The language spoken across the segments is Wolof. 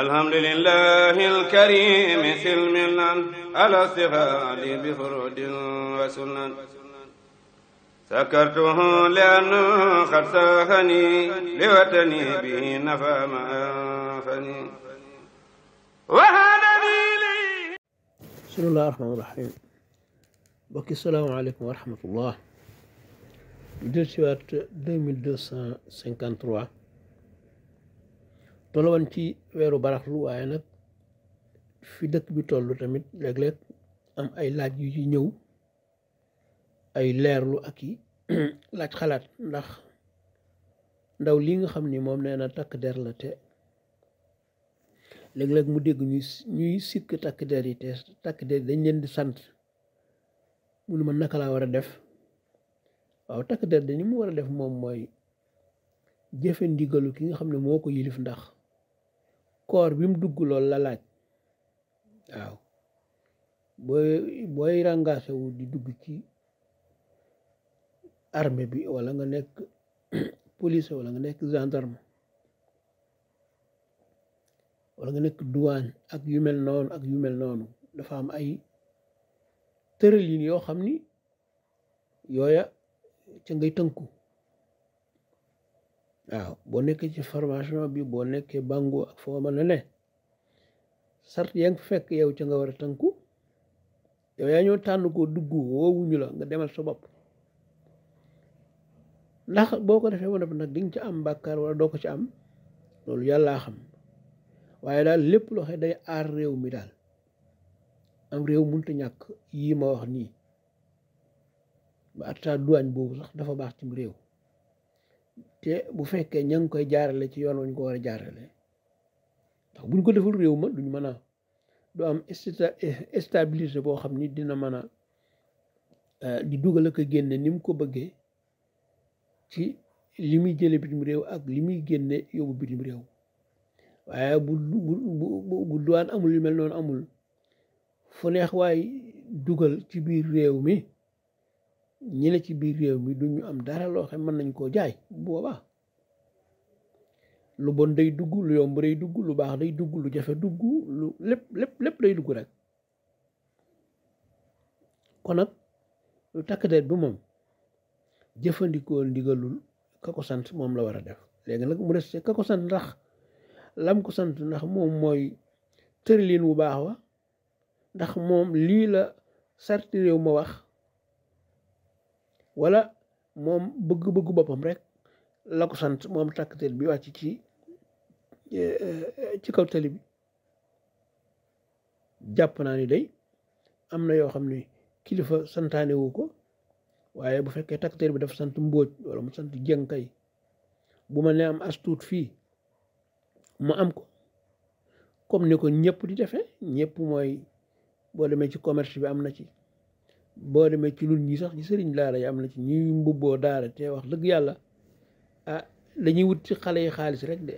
الحمد لله الكريم سلمنا على استفاد بفرود وسنن سكرته لأنه قد ساهني لوطني به نفى ما أنفني وهذا لي بسم الله الرحمن الرحيم بك السلام عليكم ورحمة الله دو سوات 2253 tolloon ci weeru baraxlu waaye nag fi dëkk bi tollu tamit léeg am ay laaj yu ci ñëw ay leerlu ak yi laaj xalaat ndax ndaw lii nga xam ni moom nee na takk der la te léeg mu dégg ñuy sikk takk der yi te takk der dañ leen di sant mu ne naka laa war a def waaw takk der de mu war a def moom mooy jëfe ndigalu ki nga xam ne moo ko yilif ndax koor bi mu dugg lool la laaj waaw booy booy ràngaasewu di dugg ci armée bi walla nga nekk police walla nga nekk gendarme walla nga nekk douane ak yu mel noonu ak yu mel noonu dafa am ay tërëlin yoo xam ni yooya ca ngay tënku waaw boo nekkee ci formation bi boo nekkee bango ak foo mën a ne sart yaa fekk yow ca nga war a tënku yow yaa ñoo tànn koo dugg woowuñu la nga demal sa bopp ndax boo ko defee woon nag di nga ca am bàkkaar wala doo ko ci am loolu yàllaa xam waaye daal lépp loo xam day aar réew mi daal am réew mënta ñàkk yii ma wax nii ba atta duwaañ boobu sax dafa baax cim réew te bu fekkee ña ngi koy jaarale ci yoon wuñ ko war a jaarale ndax buñ ko deful réew ma duñ mën a du am stabilisé boo xam ni dina mën a eh, di dugal ak a génne ni ko bëggee ci li muy jële bitim réew ak li muy génne yóbbu bitim réew waaye bu bu bu duwaan amul lu mel noonu amul fu neex waay dugal ci biir réew mi ñi ne ci biir réew mi duñu am dara loo xam mën nañ koo jaay bu boobaa lu bon day dugg lu yomb day dugg lu baax day dugg lu jafe dugg lu lépp lépp lépp day dugg rek kon nag lu takk deet bi moom jëfandikoo ndigalul ka ko sant moom la war a def léegi nag mu des ci ka ko sant ndax lam ko sant ndax moom mooy tëriliin wu baax wa ndax moom lii la sarti réew ma wax wala moom bëgg-bëggu boppam rek la ko sant moom tàkkatel bi wàcc ci ci eh, ci kaw tali bi jàpp naa ni day am na yoo xam ni kilifa santaane wu ko waaye bu fekkee tàkkatel bi dafa sant mbóot wala mu sant jënkay bu ma ne am astuut fii mu am ko comme ni ko ñëpp di defee ñëpp mooy boo demee ci commerce bi am na ci boo demee ci ñun ñi sax ci sëriñ daara yi am na ci ñuy mbubboo daara te wax dëgg yàlla ah dañuy wut ci xale yi xaalis rek de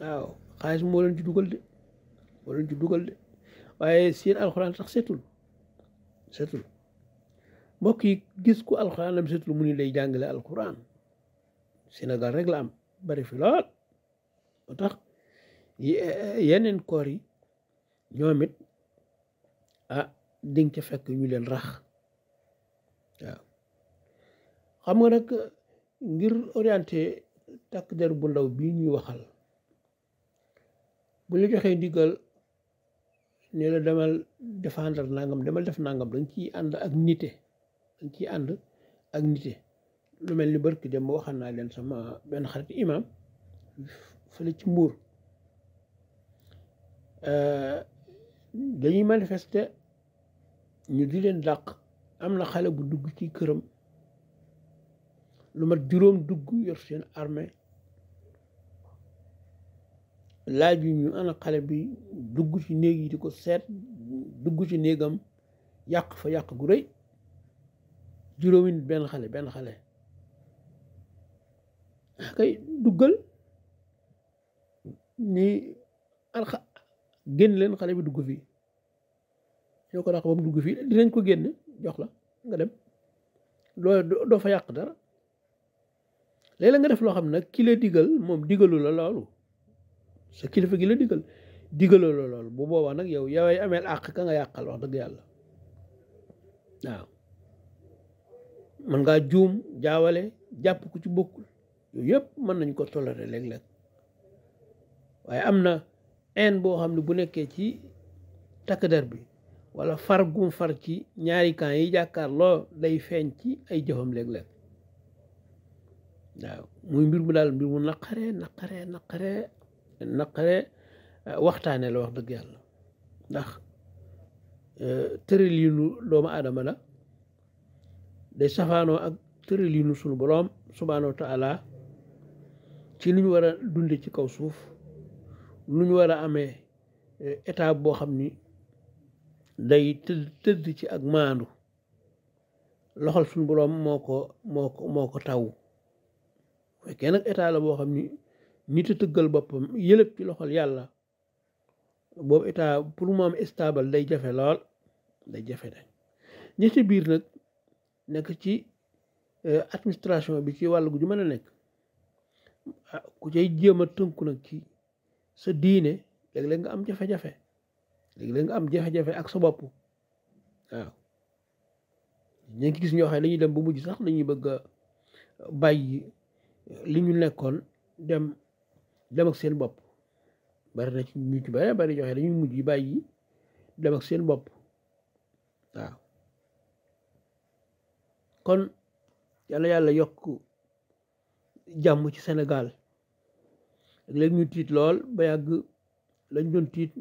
waaw xaalis moo leen ci dugal de ci dugal waaye seen alxuraan sax setul setul mbokk yi gis ku alxuraan am setul mu ni lay jàngale alxuraan Sénégal rek la am bari fi lool moo tax yeneen koor yi ñoom it ah dinga ca fekk ñu leen rax waaw xam nga nag ngir orienté takk der bu ndaw bii ñuy waxal bu la joxee ndigal ne la demal défendre nangam demal def nangam dañ ciy ànd ak nite dañ ciy ànd ak nite lu mel ni barki dem waxal naa leen sama benn xarit imam fële ci mbuur euh, dañuy manifeste ñu di leen dàq am na xale bu dugg ci këram lu mat juróom dugg yor seen armée laaj yu ñu ana xale bi dugg ci néeg yi di ko seet dugg ci néegam yàq fa yàq gu rëy juróomi benn xale benn xale ah, kay duggal ni alxa génn leen xale bi dugg fi ñoo ko dàq ba mu dugg fii dinañ ko génn jox la nga dem loo doo fa yàq dara léeg-léeg nga def loo xam ne nag ki la digal moom digalu la loolu sa kilifa gi la digal digalu la loolu bu boobaa nag yow yoway ameel àq ka nga yàqal wax dëgg yàlla mën ngaa juum jaawale jàpp ku ci bokkul yooyu yëpp mën nañ ko toléré léeg-léeg waaye am na haine boo xam ne bu nekkee ci takk der bi wala far gum far ci ñaari camp yi jàkkaarloo day feeñ ci ay jëfam léeg-léeg waaw muy mbir mu daal mbir mu naqare naqare naqare naqare eh, waxtaane la wax dëgg yàlla ndax eh, tërëliinu doomu aadama la day safaanoo ak tërëliinu sunu boroom subhaanahu wa ci lu ñu war a dunde ci kaw suuf lu ñu war a amee eh, état boo xam ni day tëdd tëdd ci ak maandu loxol suñu boroom moo ko moo ko moo ko taw fekkee nag état la boo xam ni nit a tëggal boppam yëlëb ci loxol yàlla boobu état pour mu am stable day jafe lool day jafe day ñi biir nag nekk ci euh, administration bi ci wàll gu ju mën a nekk ah, ku cay jéem a tënku nag ci sa diine léeg-léeg nga am jafe-jafe léegi la am jafe-jafe ak sa bopp waaw ñu ngi gis ñoo xam ne dañuy dem ba mujj sax dañuy bëgg a bàyyi li ñu nekkoon dem dem ak seen bopp bari na ci ñu ci bari bari dañuy mujj bàyyi dem ak seen bopp waaw kon yàlla yàlla yokk jàmm ci senegal léegi ñu tiit lool ba yàgg lañ doon tiit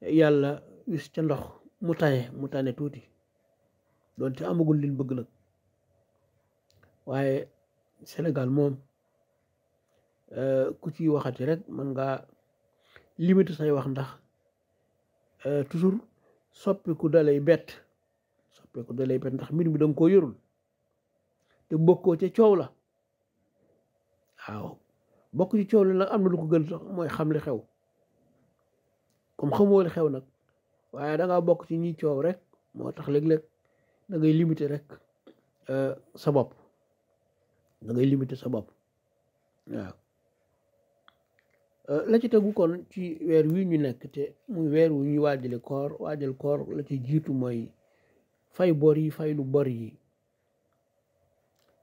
yàlla wis ca ndox mu tane mu tane tuuti doonte amagul liñ bëgg nag waaye senegal moom euh, ku ciy waxati rek mën ngaa limité say wax ndax euh, toujours soppiku dalay bett soppiku dalay bett ndax mbir mi danga koo yorul te bokkoo ca coow la waaw bokk ci coow la nag am na lu ko gën sax mooy xam li xew comme xamoo li xew nag waaye da bokk ci ñi coow rek moo tax léeg-léeg dangay ngay rek euh, sa bopp da ngay sa bopp waaw euh, la ci tegu kon ci weer wi ñu nekk te muy weer wu ñuy waajale koor waajal koor la ci jiitu mooy fay bor yi fay lu bor yi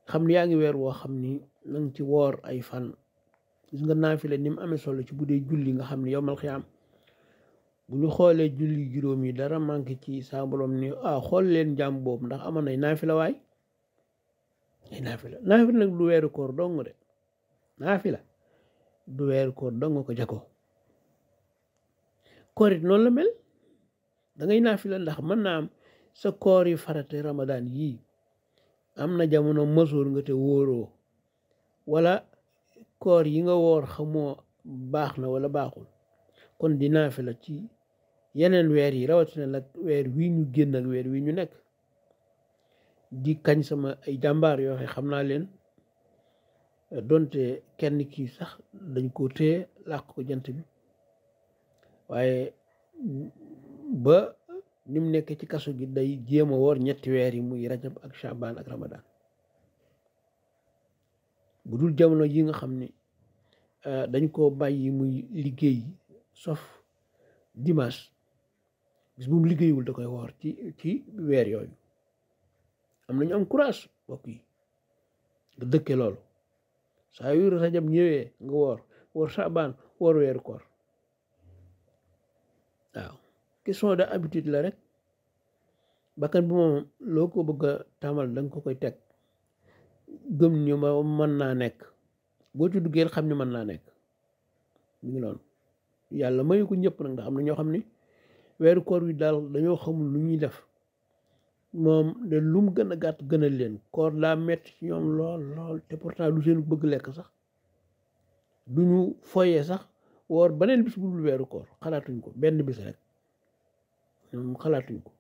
xam ni yaa ngi weer woo xam ni na ci woor ay fan gis nga naafile ni mu amee solo ci bu dee julli nga xam ni yow mal xiyaam bu ñu xoolee julli juróom yi dara manqué ci saa borom ni ah xool leen jàmm boobu ndax amoon nay naafila waay ay naafila naafila nag du weeru koor dong de naafila du weeru koor ko jako koor it noonu la mel da ndax mën naa am sa koor yi farate ramadaan yii am na jamono mësoor nga te wóoroo wala koor yi nga woor xamoo baax na wala baaxul kon di naafila ci yeneen weer yi rawatina nag weer wi ñu génn weer wi ñu nekk di kañ sama ay jàmbaar yoo xam naa leen donte kenn kii sax dañ koo téye làq ko jant bi waaye ba ni mu nekk ci kaso gi day jéem a woor ñetti weer yi muy rajab ak shaban ak ramadan bu dul jamono yi nga xam ni eh, dañ koo bàyyi muy liggéey sof dimanche bis bu mu liggéeyul da koy woor ci ci weer yooyu am nañu am courage mbokk yi nga dëkke loolu saa yu rajab ñëwee nga woor woor saabaan woor weeru koor waaw question de habitude la rek bakkan bu moom loo ko bëgg a tamal da ko koy teg gëm ñu ma mën naa nekk boo ci duggee xam ne mën naa nekk mi ngi noonu yàlla mayu ñëpp nag ndax am na ñoo xam ni weeru koor wi daal dañoo xamul lu ñuy def moom lu mu gën a gàtt gënal leen koor daa metti ñoom lool lool te pourtant du seen bëgg lekk sax du ñu foyee sax woor beneen bis bu dul weeru koor xalaatuñ ko benn bis rek ñoom xalaatuñ ko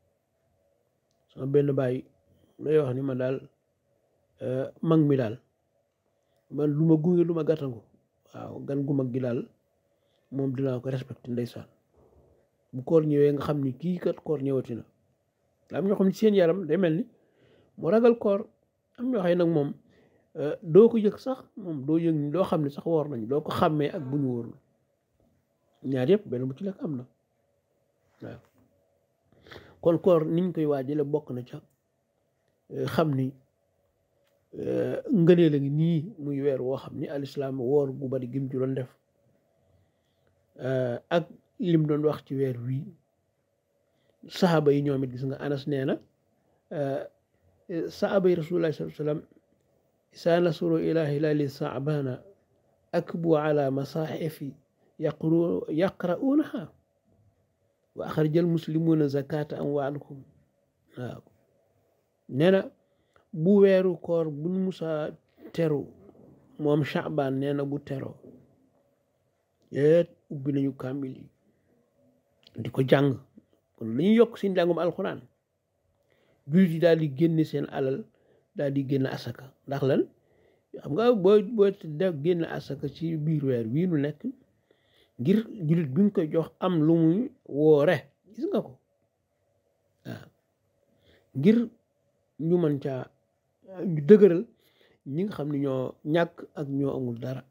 sama benn bàyyi lay wax ni ma daal euh, mag mi daal man lu ma gunge lu ma gàttangu waaw gan gu mag gi daal moom laa ko respecté ndeysaan bu koor ñëwee nga xam ni kii kat koor ñëwati na am ñoo xam ne seen yaram day mel ni mu ragal koor am ñoo xam nag moom euh, doo ko yëg sax moom doo yëg ni doo xam ne sax woor nañu doo ko xàmmee ak bu ñu wóorul ñaar yëpp benn bu ci nekk am na waaw kon koor niñ koy waajale bokk na ca euh, xam ni euh, ngëneel a ngi nii muy weer woo xam ni alislaam woor gu bari gim ci doon def lim doon wax ci weer wi saxaaba yi ñoom it gis nga anas nee na eh, saxaaba yi rasulullah sallallahu alayhi wasallam isaa nasru ila hilaali saabana akbu ala masaaxifi yaqru yaqra'uunaha muslimuuna zakata amwaalihum waaw nee bu weeru koor buñ musa teru moom Chaabaan nee na bu tero yéet ubbi nañu kàmbil di ko jàng kon nañu yokk si njàngum alxuraan jullit yi daal di génne seen alal daal di génn asaka ndax lan xam nga boo boo def génn asaka ci biir weer wii nu nekk ngir jullit bi koy jox am lu muy woore gis nga ko ngir ñu mën caa ñu dëgëral ñi nga xam ne ñoo ñàkk ak ñoo amul dara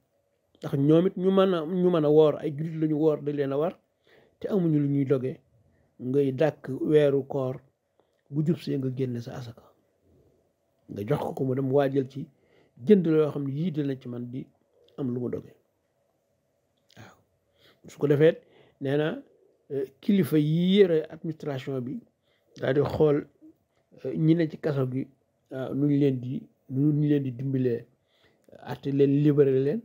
ndax ñoom it ñu mën a ñu mën a woor ay jullit lañu woor dañ leen a war te amuñu lu ñuy doge ngay dàkk weeru koor bu jub see nga génne sa asaka nga jox ko ko mu dem waajal ci jënd la yoo xam ne yii dina ci man di am lu mu doge waaw su ko defee nee na eh, kilifa yi yére administration bi daal di xool eh, ñu ne ci kaso gi ah, nu ñu leen di nu ñu leen di dimbilee àtte leen libéré leen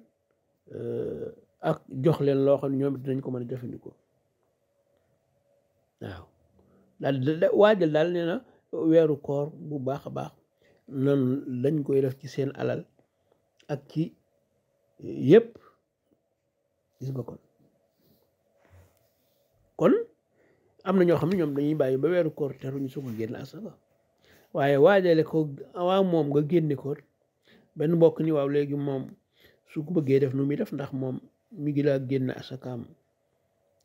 eh, ak jox leen loo xam ne ñoom dinañ ko mën a jëfandikoo waaw daal waajal daal nee na weeru koor bu baax a baax noonu lañ koy def ci seen alal ak ci yépp gis nga kon kon am na ñoo xam ne ñoom dañuy bàyyi ba weeru koor ñu su ko génn asaka waaye waajale ko waa moom nga génne ko benn mbokk ni waaw léegi moom su ko bëggee def nu muy def ndax moom mi ngi laa génn asakaam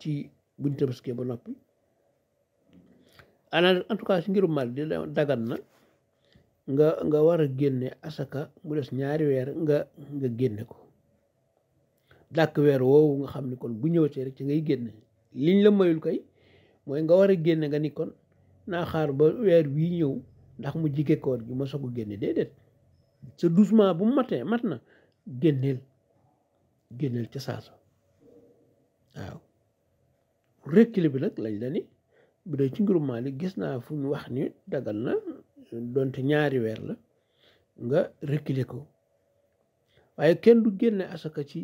ci buñ tabaskee ba noppi ana en tout cas ngiru mal Maalik di dagan na nga nga war a génne asaka mu des ñaari weer nga nga génne ko dàq weer woowu nga xam ni kon bu ñëw tee rek ci ngay génne liñ la mayul kay mooy nga war a génne nga ni kon naa xaar ba weer wii ñëw ndax mu jige koor gi ma soog a génne déedéet sa doucement bu matee mat na génneel génneel ca saasa waaw rékkile bi nag lañ la ni bu dee ci ngirum Maalik gis naa fu ñu wax ni dagal na donte ñaari weer la nga reculer ko waaye kenn du génne asaka ci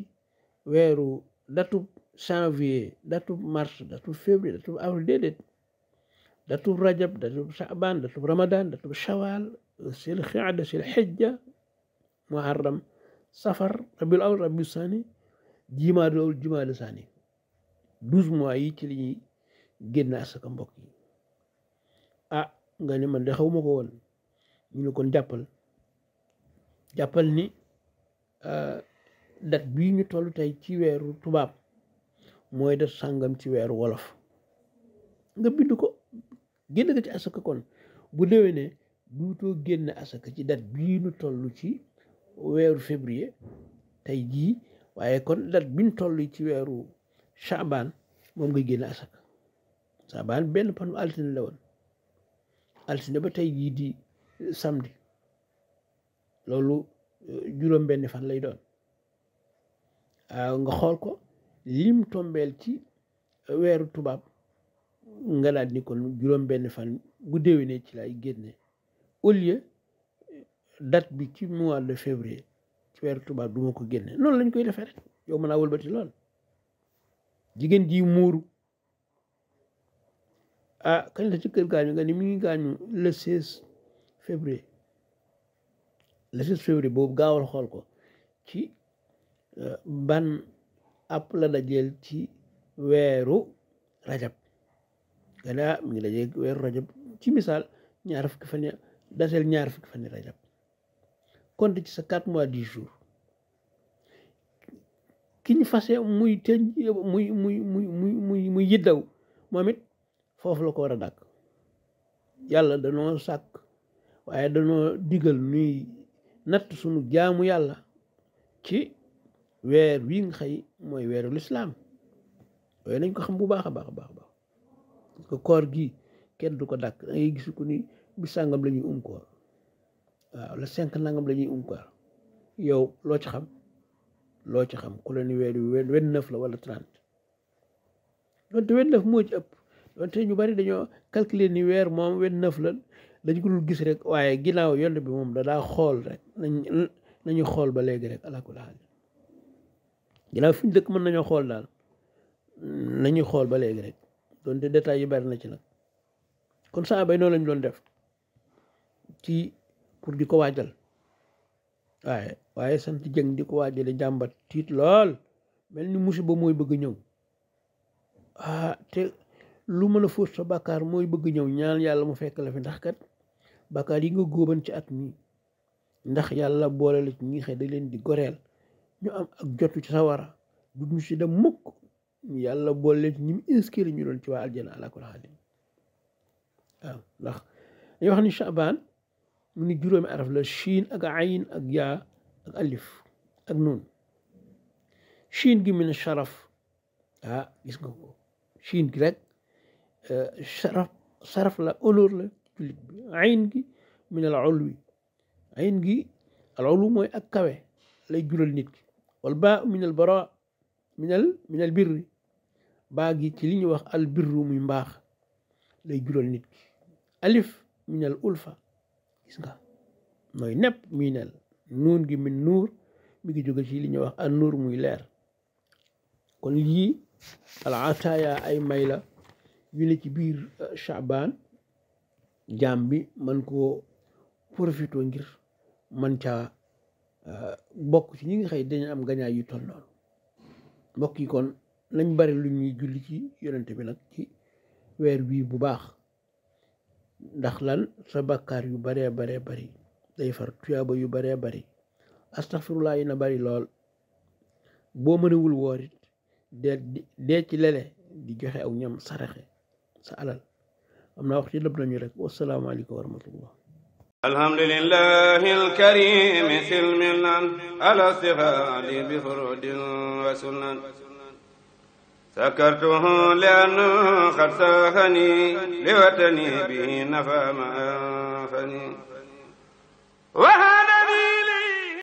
weeru datub janvier datub mars datub février datub avril déedéet datub rajab datub saaban datub ramadan datub shawal sil xiada sil xijja muharram safar rabiul awal rabiul sani jimaadul awal jimaadul sani douze mois yi ci génn asaka mbokk yi ah nga ne man de xawma ko woon ñu ne kon jàppal jàppal ni ah, dat bii ñu toll tey ci weeru tubaab mooy def sàngam ci weeru wolof nga bind ko génn ci asaka kon bu déwénee duutoo génn asaka ci dat bii ñu toll ci weeru février tey jii waaye kon dat biñ toll ci weeru chaban moom nga génn asaka saabaan benn panu altine la woon altine ba tey jii di eh, samedi loolu eh, juróom benn fan lay doon ah, nga xool ko lim tombeel ci eh, weeru tubaab nga daal ni kon juróom benn fan bu déwénee ci lay génne au lieu date bi ci mois de février ci weeru tubaab du ma ko génne noonu lañ koy defee rek yow mën naa wëlbati lool jigéen ji muuru ah kañ la ci kër gaañu nga ni mi ngi gaañu le 16 février le 16 février boobu gaawal xool ko ci euh, ban app la dajeel ci weeru rajab nga ne ah mi ngi weeru rajab ci misaal ñaar fukki fan ya daseel ñaar fukki fan ya rajab compte ci sa quatre mois dix jours ki fase muy te muy muy muy muy muy yiddaw moom foofu la ko war a dàkk yàlla danoo sàkk waaye danoo digal nuy natt sunu jaamu yàlla ci weer wi nga xëy mooy weeru lislaam waaye nañ ko xam bu baax a baax a baax baax parce que koor gi kenn du ko dàkk da ngay gis ko ni bi sàngam lañuy ñuy um koor la cinq nangam la ñuy um koor yow loo ci xam loo ci xam ku la ni weer wi vingt-neuf la wala trente donte vingt-neuf moo ci ëpp wante ñu bari dañoo calculer ni weer moom vingt neuf la dañ ko dul gis rek waaye ginnaaw yonent bi moom da daa xool rek nañ nañu xool ba léegi rek ala kulli haal ginnaaw mën nañoo xool daal nañu xool ba léegi rek donte détails yu bari na ci nag kon saa ba noonu lañ doon def ci pour di ko waajal waaye waaye sant jëng di ko waajale jàmbat tiit lool mel ni ba mooy bëgg ñëw ah, lu mën a fóot sa bakkaar mooy bëgg ñëw ñaan yàlla mu fekk la fi ndax kat bakkaar yi nga góoban ci at mi ndax yàlla boole la ci ñi xëy da leen di goreel ñu am ak jot ci sawara du ñu si yàlla boole leen ñu doon ci waa aljana ala kulli ndax dañuy wax ni Chaban mu ni juróomi araf la Chine ak ayin ak yaa ak alif ak nun Chine gi mu ne Sharaf ah gis nga ko Chine gi rek. saraf la honneur la jullit bi ayn gi min al ulwi ayn gi al ulwi mooy ak kawe lay jural nit ki wal baa min al bara min al min baa gi ci li ñuy wax al birru muy mbaax lay jural nit ki alif min al ulfa gis nga mooy nepp muy nel nuun gi min nuur mi ngi jóge ci li ñuy wax an nuur muy leer kon lii al ataaya ay may la yu ne ci biir euh, Chaban jaam bi man koo profité ngir man caa euh, bokk ci ñi nga xëy dañu am gañaay yu toll noonu mbokk yi kon nañ bari luñuy ñuy julli ci yonent bi nag ci weer wii bu baax ndax lan sa bakkaar yu baree baree bari day far tuyaaba yu baree bari astaxfirullaa yi na bari lool boo mënewul woor it dee dee ci lele di joxe aw ñam saraxe sa alal am naa wax ci lëb nañu rek wasalaamaaleykum wa rahmatullah alhamdulillahi alkarim silmilan ala sihali bi furudin wa sunan سكرته لأنه قد ساخني لوطني به نفى ما أنفني وهذا